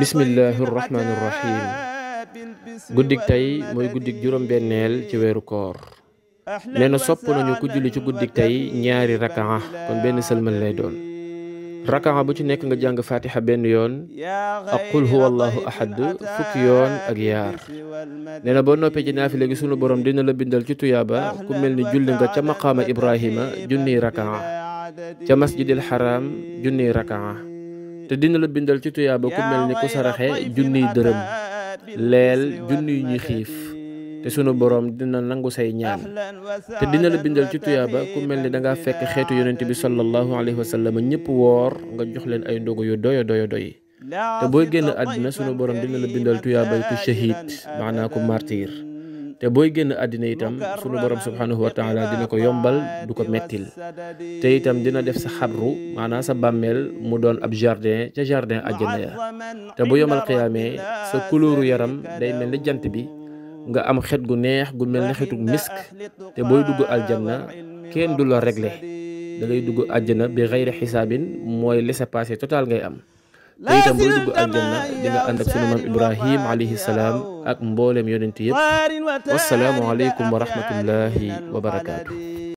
Bismillahirrahmanirrahim. Gudik guddik tey mooy guddik juróom-benneel ci weeru koor nee na sopp nañu ku julli ci guddik tey ñaari rakaa kon benn sëlmal lay doon rakaa bu ci nekk nga jàng fatiha benn yoon ya ak qul allahu ahad fukki yoon ak yaar nee na boo ci gi sunu borom dina la bindal ci tuyaaba ku mel ni julli nga ca maqaama ibrahima junniy rakaa ca masjidil haram junniy rakaa te dina la bindal ci tuyaaba ku mel ni ku saraxe junniy dërëm leel junniy ñi xiif te sunu boroom dina nangu say ñaan te dina la bindal ci tuyaaba ku mel ni dangaa fekk xeetu yonent bi sallallahu alayhi wa sallam ñëpp woor nga jox leen ay ndogu yu doyo doyo doy te booy génn àddina sunu borom dina la bindal tuyaabay ku shahid maanaa ku martir te booy génn àddina itam sunu borom subhanahu wa taala dina ko yombal du ko mettil te itam dina def sa xabru maana sa bàmmeel mu doon ab jardin ca jardin àjjana ya te bu yomal xiyaamee sa kulóoru yaram day mel ni jant bi nga am xet gu neex gu mel ni xetu misk te booy dugg aljanna kenn du la réglé da ngay dugg àjjana bi xayri xisaabin mooy laisser-passer total ngay am te itam booy dugg aljanna di nga ànd ak sunu maam Ibrahim alayhi salaam ak mboolem yonent yëpp wasalaamu aleykum wa rahmatullahi wa barakaatu.